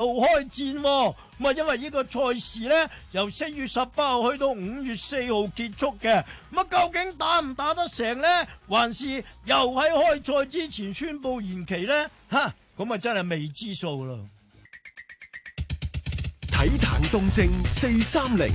要開戰，咁啊，因為呢個賽事咧，由四月十八號去到五月四號結束嘅，咁啊，究竟打唔打得成咧，還是又喺開賽之前宣布延期咧？吓，咁啊，真係未知數咯。體壇動靜四三零，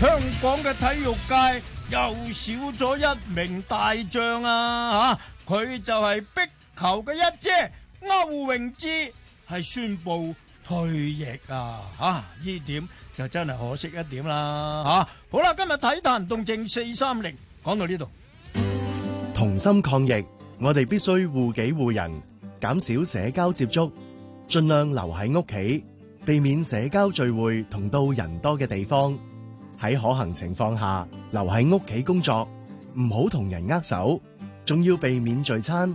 香港嘅體育界又少咗一名大將啊！吓，佢就係壁球嘅一姐歐詠芝，係宣布。抗疫啊！吓，呢點就真係可惜一點啦！吓，好啦，今日體壇動靜四三零，講到呢度。同心抗疫，我哋必須護己護人，減少社交接觸，盡量留喺屋企，避免社交聚會同到人多嘅地方。喺可行情況下，留喺屋企工作，唔好同人握手，仲要避免聚餐，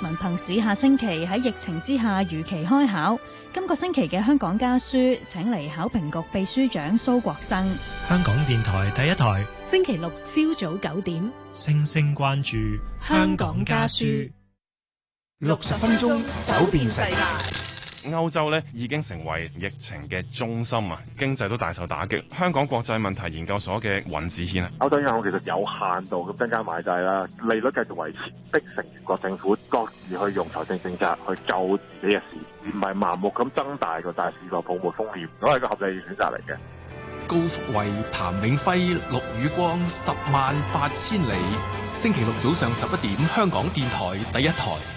文憑試下星期喺疫情之下如期開考，今個星期嘅香港家書，請嚟考評局秘書長蘇國生。香港電台第一台，星期六朝早，早九點，星星關注香港家書，六十分鐘走遍世界。歐洲咧已經成為疫情嘅中心啊，經濟都大受打擊。香港國際問題研究所嘅尹子軒，啊，歐洲央行其實有限度咁增加買債啦，利率繼續維持，逼成員國政府各自去用財政政策去救自己嘅市，唔係盲目咁增大個大市個泡沫風險。都係個合理選擇嚟嘅。高福慧、譚永輝、陸宇光，十萬八千里。星期六早上十一點，香港電台第一台。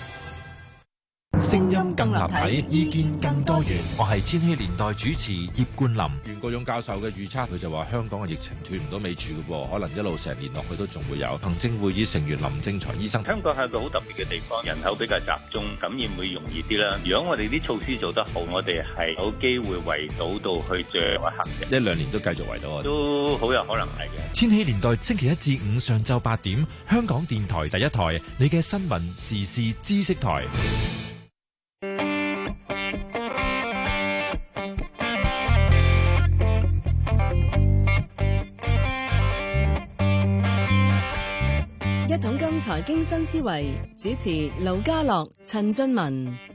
聲音更立，更，更立體，意見更多元。我係千禧年代主持葉冠霖。袁國勇教授嘅預測，佢就話香港嘅疫情斷唔到尾住嘅，可能一路成年落去都仲會有。行政會議成員林正財醫生，香港係一個好特別嘅地方，人口比較集中，感染會容易啲啦。如果我哋啲措施做得好，我哋係有機會圍堵到去一行嘅一兩年都繼續圍到我哋，都好有可能係嘅。千禧年代星期一至五上晝八點，香港電台第一台，你嘅新聞時事知識台。新思維，主持劉家樂、陳俊文。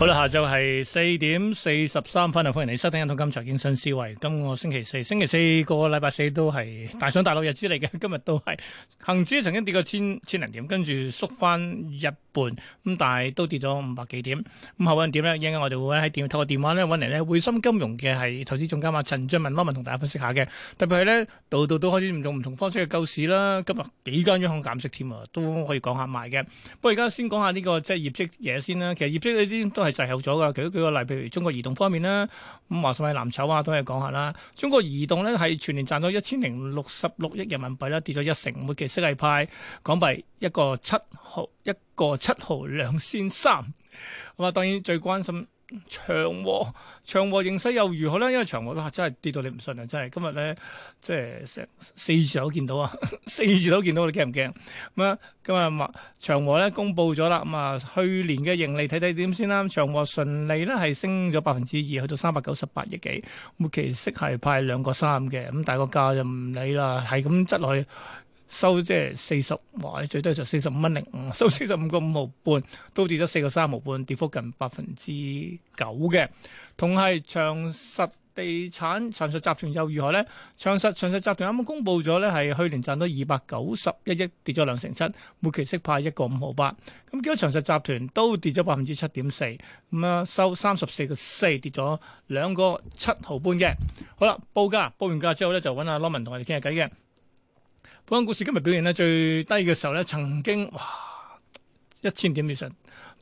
好啦，下晝係四點四十三分啊！歡迎你收聽《一桶金財經新思維》。今個星期四，星期四個禮拜四都係大上大落日子嚟嘅。今日都係恒指曾經跌過千千零點，跟住縮翻一半，咁但係都跌咗五百幾點。咁後邊點呢？陣間我哋會喺電透過電話咧揾嚟呢。匯豐金融嘅係投資總監阿陳俊文，攞文同大家分析下嘅。特別係呢，度度都開始用唔同方式嘅救市啦。今日幾間央行減息添啊，都可以講下賣嘅。不過而家先講下呢、這個即係、就是、業績嘢先啦。其實業績呢啲都係。滯後咗噶，舉舉個例，譬如中國移動方面啦，咁華信係藍籌啊，都係講下啦。中國移動咧係全年賺咗一千零六十六億人民幣啦，跌咗一成，每嘅息利派港幣一個七毫一個七毫兩仙三。咁啊，當然最關心。長和，長和形勢又如何呢？因為長和真係跌到你唔信啊！真係今日呢，即係成四字都見到啊，四字都見到，你驚唔驚？咁、嗯、啊，今日長和呢公佈咗啦。咁、嗯、啊，去年嘅盈利睇睇點先啦。長和純利呢係升咗百分之二，去到三百九十八億幾。末期息係派兩個三嘅，咁但係個價就唔理啦，係咁執落去。收即係四十，或者最低就四十五蚊零五，收四十五個五毫半，都跌咗四個三毫半，跌幅近百分之九嘅。同係長實地產、長實集團又如何咧？長實長實集團啱啱公布咗咧，係去年賺到二百九十一億，跌咗兩成七，每期息派一個五毫八。咁結果長實集團都跌咗百分之七點四，咁啊收三十四個四，跌咗兩個七毫半嘅。好啦，報價，報完價之後咧、啊，就揾阿羅文同我哋傾下偈嘅。本港股市今日表現咧，最低嘅時候咧，曾經哇一千點以上，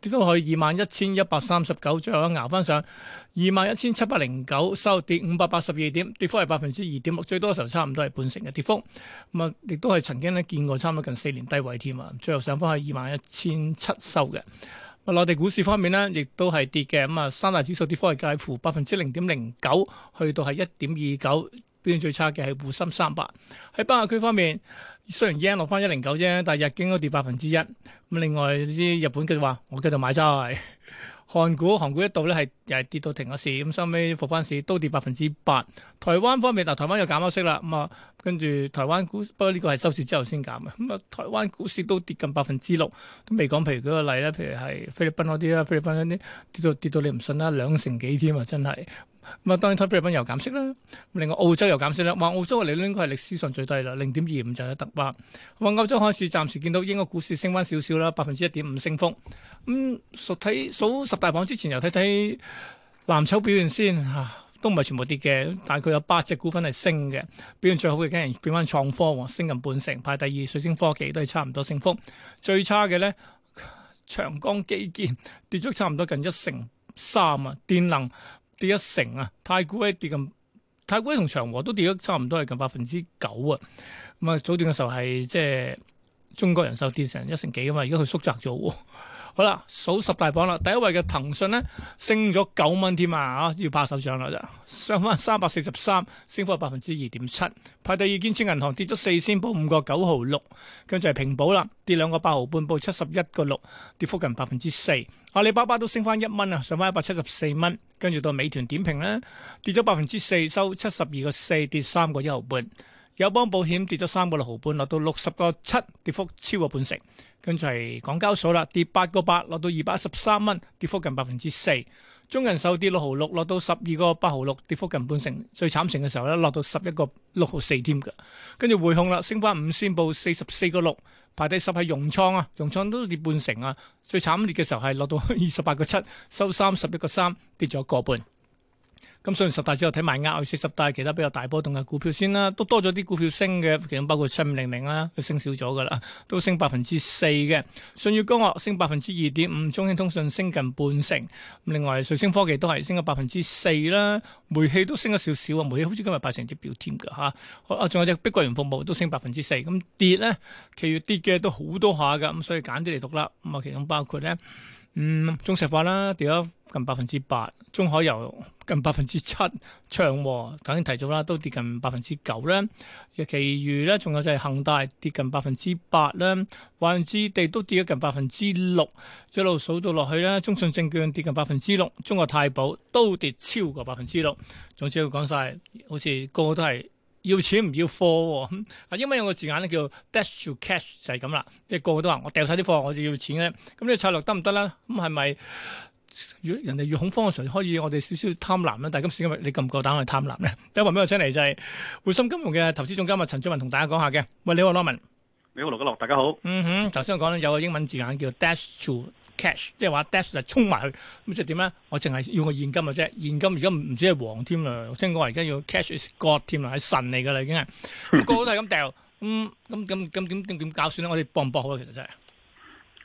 跌到去二萬一千一百三十九，最後一熬翻上二萬一千七百零九收，跌五百八十二點，跌幅係百分之二點六，最多嘅時候差唔多係半成嘅跌幅。咁啊，亦都係曾經咧見過差唔多近四年低位添啊，最後上方去二萬一千七收嘅。內地股市方面咧，亦都係跌嘅，咁啊三大指數跌幅係介乎百分之零點零九去到係一點二九。最差嘅係滬深三百。喺北亞區方面，雖然 yen 落翻一零九啫，但係日經都跌百分之一。咁另外，你知日本繼續話我繼續買債。韓股、韓股一度咧係又係跌到停咗市。咁收尾復翻市都跌百分之八。台灣方面，嗱台灣又減咗息啦，咁啊跟住台灣股市，不過呢個係收市之後先減嘅。咁、嗯、啊，台灣股市都跌近百分之六，都未講。譬如舉個例咧，譬如係菲律賓嗰啲啦，菲律賓嗰啲跌到跌到你唔信啦，兩成幾添啊，真係。咁啊，當然泰國瑞文又減息啦。另外澳洲又減息啦。話澳洲嘅利率應該係歷史上最低啦，零點二五就一特巴話澳洲開始，暫時見到英國股市升翻少少啦，百分之一點五升幅。咁熟睇數十大榜之前又睇睇藍籌表現先嚇，都唔係全部跌嘅，但佢有八隻股份係升嘅。表現最好嘅梗係變翻創科喎，升近半成，排第二水星科技都係差唔多升幅。最差嘅咧長江基建跌咗差唔多近一成三啊，電能。跌一成啊！太古威跌咁，太古威同長和都跌咗差唔多係近百分之九啊！咁啊早段嘅時候係即係中國人壽跌成一成幾啊嘛，而家佢縮窄咗喎。好啦，數十大榜啦。第一位嘅騰訊呢升咗九蚊添啊，要拍手掌啦，上翻三百四十三，升幅百分之二點七。排第二，建設銀行跌咗四仙，報五個九毫六，跟住係平保啦，跌兩個八毫半，報七十一個六，跌幅近百分之四。阿里巴巴都升翻一蚊啊，上翻一百七十四蚊，跟住到美團點評呢，跌咗百分之四，收七十二個四，跌三個一毫半。友邦保險跌咗三個六毫半，落到六十個七，跌幅超過半成。跟住係港交所啦，跌八個八，落到二百一十三蚊，跌幅近百分之四。中銀收跌六毫六，落到十二個八毫六，跌幅近半成。最慘情嘅時候咧，落到十一個六毫四添嘅。跟住匯控啦，升翻五，先報四十四個六，排第十係融創啊，融創都跌半成啊。最慘烈嘅時候係落到二十八個七，收三十一個三，跌咗個半。.咁、嗯、上完十大之後睇埋啱，四十大其他比較大波動嘅股票先啦，都多咗啲股票升嘅，其中包括七五零零啦，佢升少咗噶啦，都升百分之四嘅。舜宇光學升百分之二點五，中興通訊升近半成，另外瑞聲科技都係升咗百分之四啦，煤氣都升咗少少，煤氣好似今日派成績表添噶吓，仲有隻碧桂園服務都升百分之四，咁跌咧，其餘跌嘅都好多下噶，咁所以揀啲嚟讀啦，咁啊其中包括咧。嗯，中石化啦跌咗近百分之八，中海油近百分之七，長和，啱啱提到啦，都跌近百分之九咧。其餘咧仲有就係恒大跌近百分之八啦；華潤置地都跌咗近百分之六，一路數到落去啦，中信證券跌近百分之六，中國太保都跌超過百分之六，總之要講晒，好似個個都係。要錢唔要貨喎。哦，啊英文有個字眼咧叫 dash to cash 就係咁啦，即係個個都話我掉晒啲貨，我就要錢咧，咁呢個策略得唔得咧？咁係咪人哋越恐慌嘅時候可以我哋少少貪婪咧？但係今時今日你夠唔夠膽去貪婪咧？第一位咩我請嚟就係匯信金融嘅投資總監麥陳俊文同大家講下嘅。喂，你好羅文。你好羅家樂。大家好。嗯哼，頭先我講有個英文字眼叫 dash to cash 即係話 dash 就衝埋去咁，即係點咧？我淨係要個現金嘅啫，現金而家唔止係黃添啦，聽講而家要 cash is god 添啦，係神嚟噶啦，已經係個個都係咁掉，咁咁咁咁點點點搞算咧？我哋博唔搏好啊？其實真係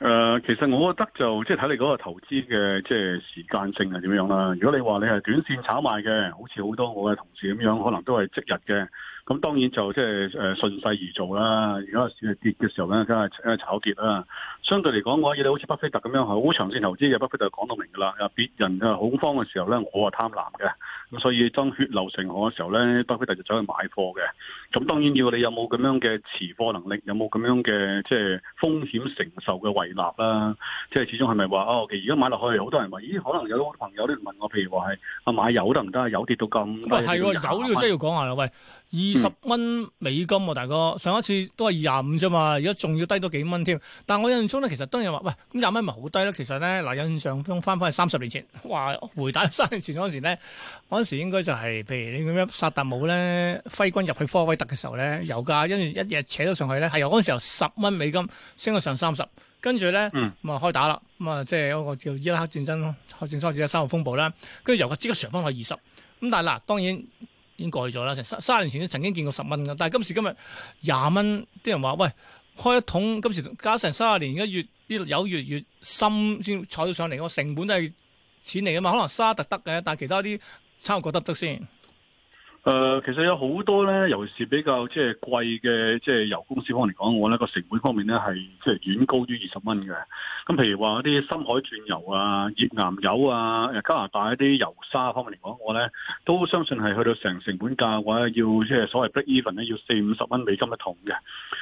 誒，其實我覺得就即係睇你嗰個投資嘅即係時間性係點樣啦。如果你話你係短線炒賣嘅，好似好多我嘅同事咁樣，可能都係即日嘅。咁當然就即係誒順勢而做啦。而家跌嘅時候咧，梗係炒跌啦。相對嚟講嘅話，如果你好似巴菲特咁樣，係好長線投資嘅，巴菲特就講到明㗎啦。啊，別人啊恐慌嘅時候咧，我係貪婪嘅。咁所以當血流成河嘅時候咧，巴菲特就走去買貨嘅。咁當然要你有冇咁樣嘅持貨能力，有冇咁樣嘅即係風險承受嘅胃納啦。即係始終係咪話啊？而家買落去，好多人話，咦，可能有啲朋友都問我，譬如話係啊，買油得唔得啊？啊嗯、油跌到咁。喂，係，油呢個真係要講下啦。喂。二十蚊美金喎，啊，大哥，上一次都係廿五啫嘛，而家仲要低多幾蚊添。但我印象中咧，其實當然話，喂，咁廿蚊咪好低啦，其實咧，嗱，印象中翻翻去三十年前，話回打三十年前嗰時咧，嗰陣時應該就係、是，譬如你咁樣薩達姆咧揮軍入去科威特嘅時候咧，油價跟住一日扯咗上去咧，係由嗰陣時候十蚊美金升到上三十，跟住咧，咁啊開打啦，咁啊即係一個叫伊拉克戰爭咯，戰爭開始有三號風暴啦，跟住油價即刻上翻去二十。咁但係嗱，當然。已經改咗啦，成三十年前都曾經見過十蚊嘅，但係今時今日廿蚊，啲人話喂開一桶，今時加成三十年而家呢，有越越深先踩到上嚟，我成本都係錢嚟嘅嘛，可能沙特得嘅，但係其他啲差唔多得唔得先？誒、呃，其實有好多咧，尤其是比較即係貴嘅，即係油公司方嚟講，我呢個成本方面呢係即係遠高於二十蚊嘅。咁譬如話啲深海鑽油啊、頁岩油啊、加拿大一啲油砂方面嚟講，我咧都相信係去到成成本價嘅話，要即係所謂 breakeven 咧，要四五十蚊美金一桶嘅。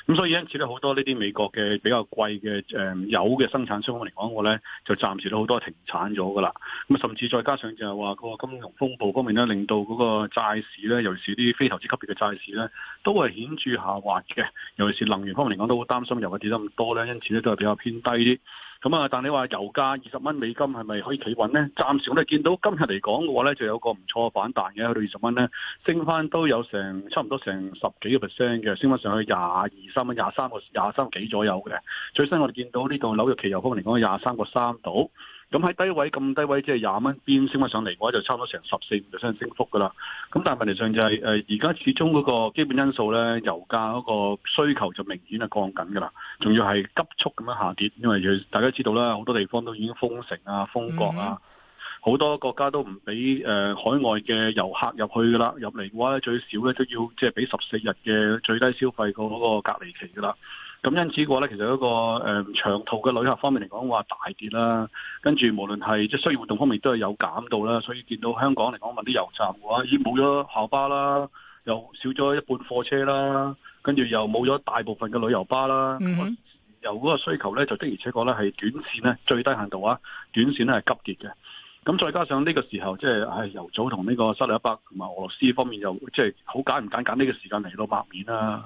咁所以因此咧，好多呢啲美國嘅比較貴嘅、呃、油嘅生產商方面嚟講，我咧就暫時都好多停產咗噶啦。咁甚至再加上就係話嗰個金融風暴方面咧，令到嗰個債市尤其是啲非投資級別嘅債市咧，都係顯著下滑嘅。尤其是能源方面嚟講，都好擔心油價跌得咁多咧，因此咧都係比較偏低啲。咁啊，但你話油價二十蚊美金係咪可以企穩咧？暫時我哋見到今日嚟講嘅話咧，就有個唔錯嘅反彈嘅，去到二十蚊咧，升翻都有成差唔多成十幾個 percent 嘅，升翻上去廿二三蚊，廿三個廿三幾左右嘅。最新我哋見到呢度紐約期油方面嚟講係廿三個三度。咁喺低位咁低位，即係廿蚊邊升翻上嚟嘅話，就差唔多成十四%嘅升幅噶啦。咁但係問題上就係、是，誒而家始終嗰個基本因素咧，油價嗰個需求就明顯係降緊噶啦，仲要係急速咁樣下跌，因為大家知道啦，好多地方都已經封城啊、封國啊，好、嗯、多國家都唔俾誒海外嘅遊客入去噶啦，入嚟嘅話咧，最少咧都要即係俾十四日嘅最低消費嗰個隔離期噶啦。咁因此嘅話咧，其實一個誒長途嘅旅客方面嚟講，話大跌啦。跟住無論係即係需要活動方面，都係有減到啦。所以見到香港嚟講，問啲油站嘅話，已經冇咗校巴啦，又少咗一半貨車啦，跟住又冇咗大部分嘅旅遊巴啦。由嗰、mm hmm. 個需求咧，就的而且確咧係短線咧最低限度啊，短線咧係急跌嘅。咁再加上呢個時候，即係唉，油、哎、早同呢個失利一百同埋俄羅斯方面又即係好揀唔揀揀呢個時間嚟到抹面啦，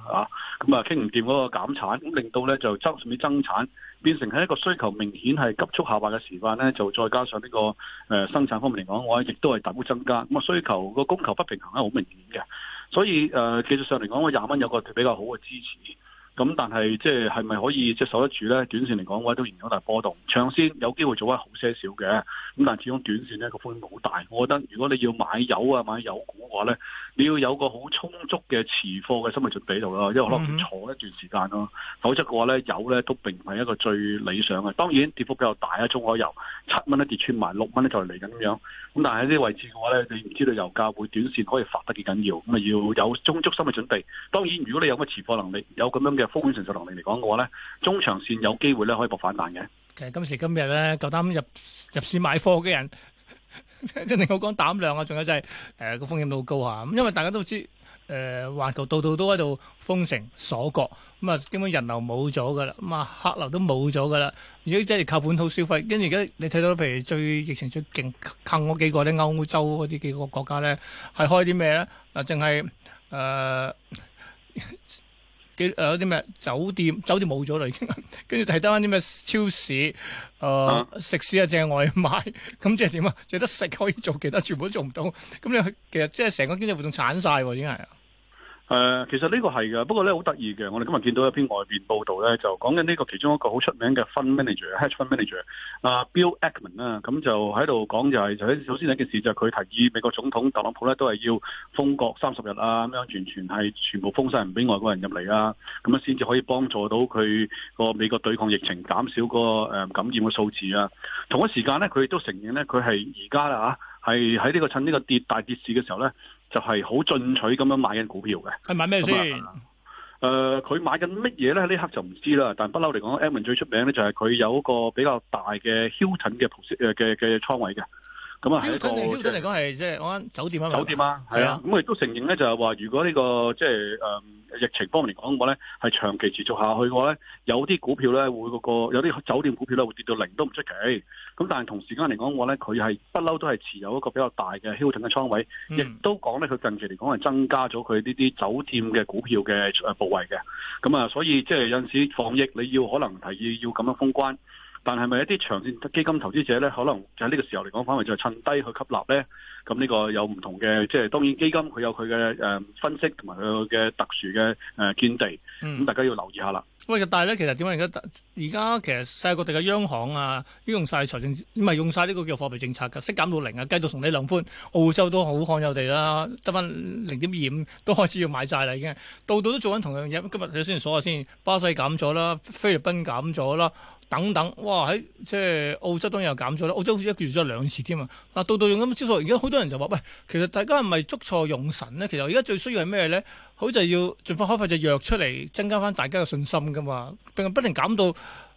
咁、嗯、啊傾唔掂嗰個減產，咁令到咧就增甚至增產，變成喺一個需求明顯係急速下滑嘅時間咧，就再加上呢、這個誒、呃、生產方面嚟講，我亦都係大幅增加，咁啊需求個供求不平衡咧好明顯嘅，所以誒、呃、技術上嚟講，我廿蚊有個比較好嘅支持。咁但係即係係咪可以即係守得住咧？短線嚟講嘅話，都仍然有大波動。長線有機會做翻好些少嘅，咁但係始終短線咧，個風險好大。我覺得如果你要買油啊買油股嘅話咧，你要有個好充足嘅持貨嘅心理準備度咯，因為可能坐一段時間咯。否則嘅話咧，油咧都並唔係一個最理想嘅。當然跌幅比較大啊，中海油七蚊一跌穿埋六蚊咧就嚟緊咁樣。咁但係喺呢個位置嘅話咧，你唔知道油價會短線可以發得幾緊要，咁啊要有充足心理準備。當然如果你有個持貨能力，有咁樣嘅。風險承受能力嚟講嘅話咧，中長線有機會咧可以博反彈嘅。其實今時今日咧，夠膽入入市買貨嘅人， 真係我講膽量啊！仲有就係誒個風險都好高啊！咁因為大家都知誒、呃，環球度度都喺度封城鎖國，咁啊，基本人流冇咗噶啦，咁啊客流都冇咗噶啦。如果真係靠本土消費，跟住而家你睇到，譬如最疫情最勁坑嗰幾個咧，歐洲嗰啲幾個國家咧，係開啲咩咧？嗱，淨係誒。 嘅啲咩酒店，酒店冇咗啦已經，跟住睇得翻啲咩超市誒、呃啊、食肆啊，淨係外賣，咁即係點啊？淨係得食可以做，其他全部都做唔到。咁你、就是、其實即係成個經濟活動鏟晒喎，已經係。誒、呃，其實呢個係嘅，不過咧好得意嘅，我哋今日見到一篇外邊報道咧，就講緊呢個其中一個好出名嘅 fund manager，hedge fund manager 啊，Bill Ackman 啦，咁就喺度講就係，就喺、就是、首先第一件事就佢提議美國總統特朗普咧都係要封國三十日啊，咁樣完全係全部封晒唔俾外國人入嚟啊，咁樣先至可以幫助到佢個美國對抗疫情減少個誒感染嘅數字啊。同一時間咧，佢亦都承認咧，佢係而家啦吓，係喺呢個趁呢個跌大跌市嘅時候咧。就係好進取咁樣買緊股票嘅，係、嗯呃呃、買咩先？誒，佢買緊乜嘢咧？呢刻就唔知啦。但不嬲嚟講 Edmond 最出名咧就係佢有一個比較大嘅謠塵嘅嘅嘅嘅倉位嘅。咁啊，嚟一個即係酒，酒店啊。酒店啊，係啊，咁佢、嗯、都承認咧，就係話，如果呢、呢個即係誒疫情方面嚟講嘅話咧，係長期持續下去嘅話咧，有啲股票咧會嗰個有啲酒店股票咧會跌到零都唔出奇。咁但係同時間嚟講嘅話咧，佢係不嬲都係持有一個比較大嘅 Hilton 嘅倉位，亦都講咧佢近期嚟講係增加咗佢呢啲酒店嘅股票嘅誒部位嘅。咁、嗯、啊、嗯，所以即係有陣時防疫你要可能提議要要咁樣封關。但係，咪一啲長線基金投資者咧，可能就喺呢個時候嚟講，反為就趁低去吸納咧。咁呢個有唔同嘅，即係當然基金佢有佢嘅誒分析，同埋佢嘅特殊嘅誒見地。咁大家要留意下啦、嗯。喂，但係咧，其實點解而家而家其實世界各地嘅央行啊，用晒財政唔係用晒呢個叫貨幣政策嘅、啊、息減到零啊，繼續同你量寬。澳洲都好罕有地啦，得翻零點二五都開始要買債啦，已經。度度都做緊同樣嘢。今日睇先鎖先，巴西減咗啦，菲律賓減咗啦。等等，哇喺即係澳洲當然又減咗啦，澳洲好似一個月咗兩次添啊！嗱，到到用咁嘅招數，而家好多人就話：喂，其實大家係咪捉錯用神咧？其實而家最需要係咩咧？好就要盡快開發隻藥出嚟，增加翻大家嘅信心噶嘛！並不停減到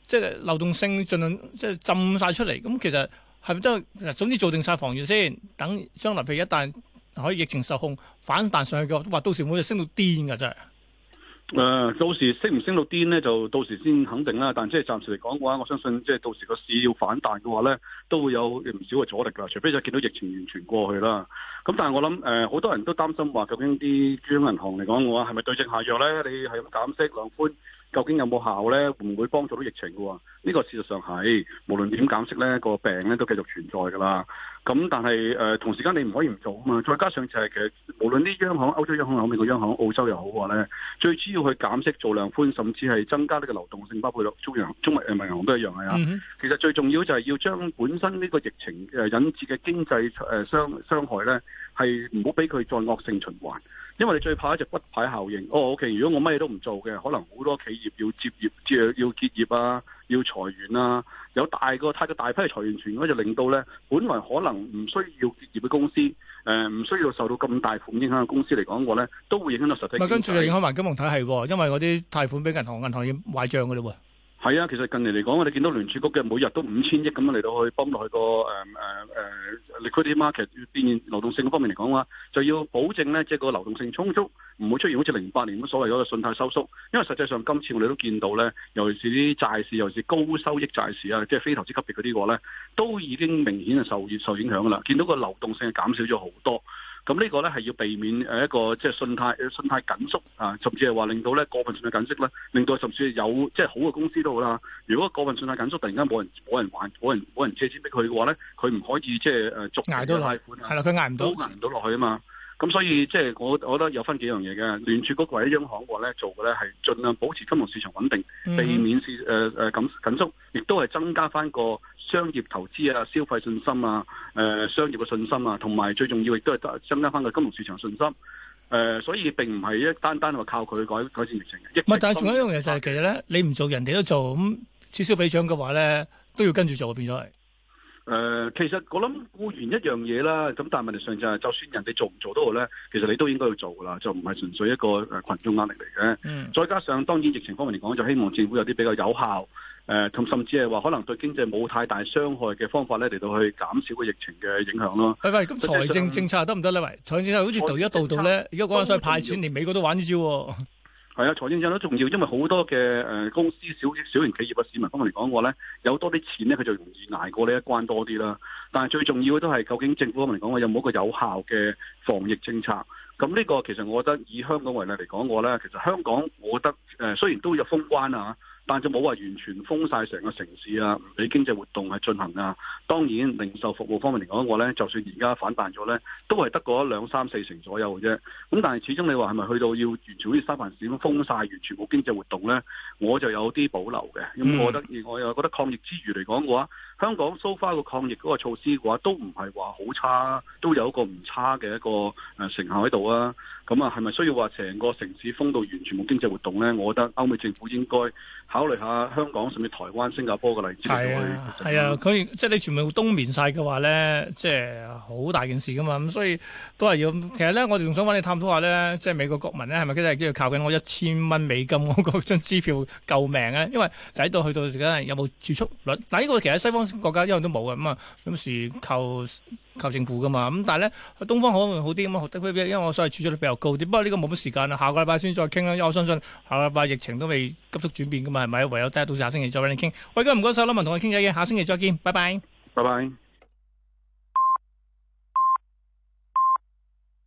即係、就是、流動性盡量，盡即係浸晒出嚟。咁其實係咪都總之做定晒防禦先，等將來譬如一旦可以疫情受控，反彈上去嘅話，到時會升到癲噶真係。誒、呃，到時升唔升到癲咧？就到時先肯定啦。但即係暫時嚟講嘅話，我相信即係到時個市要反彈嘅話咧，都會有唔少嘅阻力噶。除非就見到疫情完全過去啦。咁、嗯、但係我諗誒，好、呃、多人都擔心話究竟啲中央銀行嚟講嘅話，係咪對症下藥咧？你係咁減息量寬。究竟有冇效咧？會唔會幫助到疫情嘅喎，呢個事實上係無論點減息咧，個病咧都繼續存在噶啦。咁但係呃，同時間你唔可以唔做啊嘛。再加上就係其實無論啲央行、歐洲央行、又美國央行、澳洲又好嘅話咧，最主要去減息做量寬，甚至係增加呢個流動性包括中咯。中央、中國人民銀行都一樣係啊。呃 mm hmm. 其實最重要就係要將本身呢個疫情誒引致嘅經濟誒傷傷害咧，係唔好俾佢再惡性循環。因為你最怕一隻骨牌效應，哦，OK，如果我乜嘢都唔做嘅，可能好多企業要結業、接要結業啊，要裁員啊，有大個太嘅大,大批裁員全員嗰就令到咧本來可能唔需要結業嘅公司，唔、呃、需要受到咁大款影響嘅公司嚟講嘅話咧，都會影響到實體經濟。跟住又影響埋金融體系，因為嗰啲貸款俾銀行，銀行要壞帳嘅嘞喎。係啊，其實近年嚟講，我哋見到聯儲局嘅每日都五千億咁樣嚟到去幫落去個誒誒誒 liquidity market 變現流動性嘅方面嚟講啊，就要保證咧，即、這、係個流動性充足，唔會出現好似零八年咁所謂嗰個信貸收縮。因為實際上今次我哋都見到咧，尤其是啲債市，尤其是高收益債市啊，即係非投資級別嗰啲個咧，都已經明顯係受受影響啦。見到個流動性係減少咗好多。咁呢個咧係要避免誒一個即係、就是、信貸、信貸緊縮啊，甚至係話令到咧過分信貸緊縮啦，令到甚至有即係、就是、好嘅公司都好啦。如果過分信貸緊縮，突然間冇人冇人還、冇人冇人,人借錢俾佢嘅話咧，佢唔可以即係誒逐漸貸款，係啦，佢捱唔到，捱唔到落去啊嘛。咁所以即係我，我、我覺得有分幾樣嘢嘅。聯儲局或者央行嘅話，咧，做嘅咧係儘量保持金融市場穩定，避免係誒誒、呃、緊緊縮，亦都係增加翻個商業投資啊、消費信心啊、誒、呃、商業嘅信心啊，同埋最重要亦都係增加翻個金融市場信心。誒、呃，所以並唔係一單單話靠佢改改善疫情嘅。唔係，但係仲有一樣嘢就係其實咧，你唔做人哋都做，咁取消俾獎嘅話咧，都要跟住做嘅變咗嚟。誒、呃，其實我諗顧完一樣嘢啦，咁但係問題上就係、是，就算人哋做唔做都好咧，其實你都應該去做噶啦，就唔係純粹一個誒群眾壓力嚟嘅。嗯、再加上當然疫情方面嚟講，就希望政府有啲比較有效誒，同、呃、甚至係話可能對經濟冇太大傷害嘅方法咧，嚟到去減少個疫情嘅影響咯。係咪？咁財政政策得唔得咧？喂，財政政策好似度一度度咧，而家講緊所以派錢，連美國都玩呢招。係啊，財政上都重要，因為好多嘅誒公司、小小型企業嘅市民方面嚟講嘅話咧，有多啲錢咧，佢就容易捱過呢一關多啲啦。但係最重要嘅都係，究竟政府方面嚟講嘅有冇一個有效嘅防疫政策？咁呢個其實我覺得以香港為例嚟講，我咧其實香港我覺得誒雖然都有封關啊。但就冇話完全封晒成個城市啊，唔俾經濟活動去進行啊。當然零售服務方面嚟講，我咧就算而家反彈咗咧，都係得嗰兩三四成左右嘅啫。咁但係始終你話係咪去到要完全好似三藩市咁封晒完全冇經濟活動咧？我就有啲保留嘅。咁我覺得，而我又覺得抗疫之餘嚟講嘅話，香港 so far 個抗疫嗰個措施嘅話，都唔係話好差，都有一個唔差嘅一個成效喺度啊。咁啊，係咪需要話成個城市封到完全冇經濟活動咧？我覺得歐美政府應該考慮下香港甚至台灣、新加坡嘅例子。係啊，係佢、啊嗯、即係你全部冬眠晒嘅話咧，即係好大件事噶嘛。咁所以都係要。其實咧，我哋仲想揾你探討下咧，即係美國國民咧，係咪真係都要靠緊我一千蚊美金嗰個張支票救命啊？因為仔到去到時間有冇儲蓄率？但呢個其實西方國家一樣都冇㗎。咁啊，咁係靠靠政府噶嘛。咁但係咧，東方可能好啲咁啊，學得比較，因為我所以儲蓄率比較。不過呢個冇乜時間啦，下個禮拜先再傾啦。因為我相信下個禮拜疫情都未急速轉變㗎嘛，係咪？唯有睇下到時下星期再畀你傾。喂，咁唔該晒林文同我傾偈嘅，下星期再見，拜拜，拜拜。